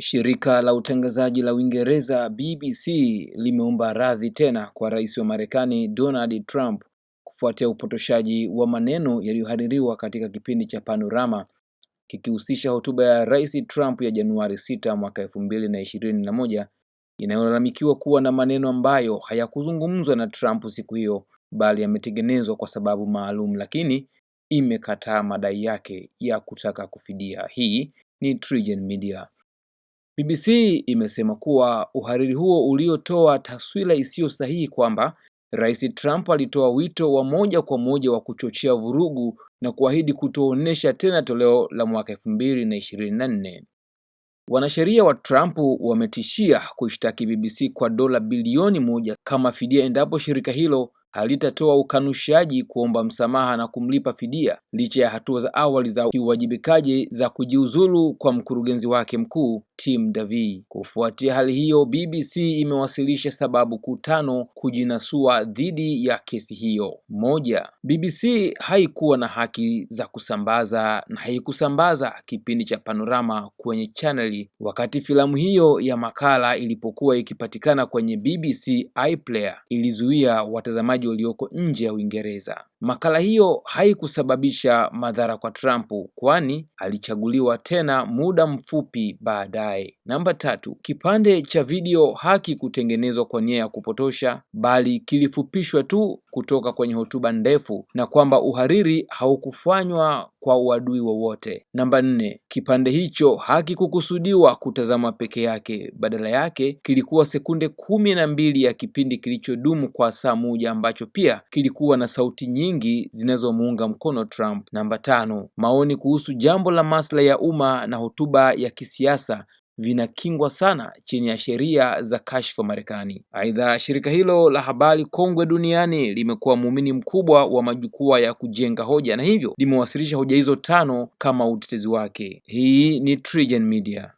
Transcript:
Shirika la utangazaji la Uingereza BBC limeomba radhi tena kwa rais wa Marekani Donald Trump kufuatia upotoshaji wa maneno yaliyohaririwa katika kipindi cha Panorama kikihusisha hotuba ya Rais Trump ya Januari 6 mwaka 2021 inayolalamikiwa kuwa na maneno ambayo hayakuzungumzwa na Trump siku hiyo bali yametengenezwa kwa sababu maalum, lakini imekataa madai yake ya kutaka kufidia. Hii ni TriGen Media. BBC imesema kuwa uhariri huo uliotoa taswira isiyo sahihi kwamba Rais Trump alitoa wito wa moja kwa moja wa kuchochea vurugu na kuahidi kutoonyesha tena toleo la mwaka 2024. Wanasheria wa Trump wametishia kuishtaki BBC kwa dola bilioni moja kama fidia endapo shirika hilo halitatoa ukanushaji kuomba msamaha na kumlipa fidia licha ya hatua za awali za kiuwajibikaji za kujiuzulu kwa mkurugenzi wake mkuu Tim Davi. Kufuatia hali hiyo, BBC imewasilisha sababu kuu tano kujinasua dhidi ya kesi hiyo. Moja, BBC haikuwa na haki za kusambaza na haikusambaza kipindi cha Panorama kwenye chaneli wakati filamu hiyo ya makala ilipokuwa ikipatikana kwenye BBC iPlayer, ilizuia watazamaji wachezaji walioko nje ya Uingereza. Makala hiyo haikusababisha madhara kwa Trump kwani alichaguliwa tena muda mfupi baadaye. Namba tatu, kipande cha video hakikutengenezwa kwa nia ya kupotosha bali kilifupishwa tu kutoka kwenye hotuba ndefu na kwamba uhariri haukufanywa kwa uadui wowote. Namba nne, kipande hicho hakikukusudiwa kutazama peke yake, badala yake kilikuwa sekunde kumi na mbili ya kipindi kilichodumu kwa saa moja ambacho pia kilikuwa na sauti nyingi nyingi zinazomuunga mkono Trump. Namba tano, maoni kuhusu jambo la maslahi ya umma na hotuba ya kisiasa vinakingwa sana chini ya sheria za kashfa Marekani. Aidha, shirika hilo la habari kongwe duniani limekuwa muumini mkubwa wa majukwaa ya kujenga hoja na hivyo limewasilisha hoja hizo tano kama utetezi wake. Hii ni TriGen Media.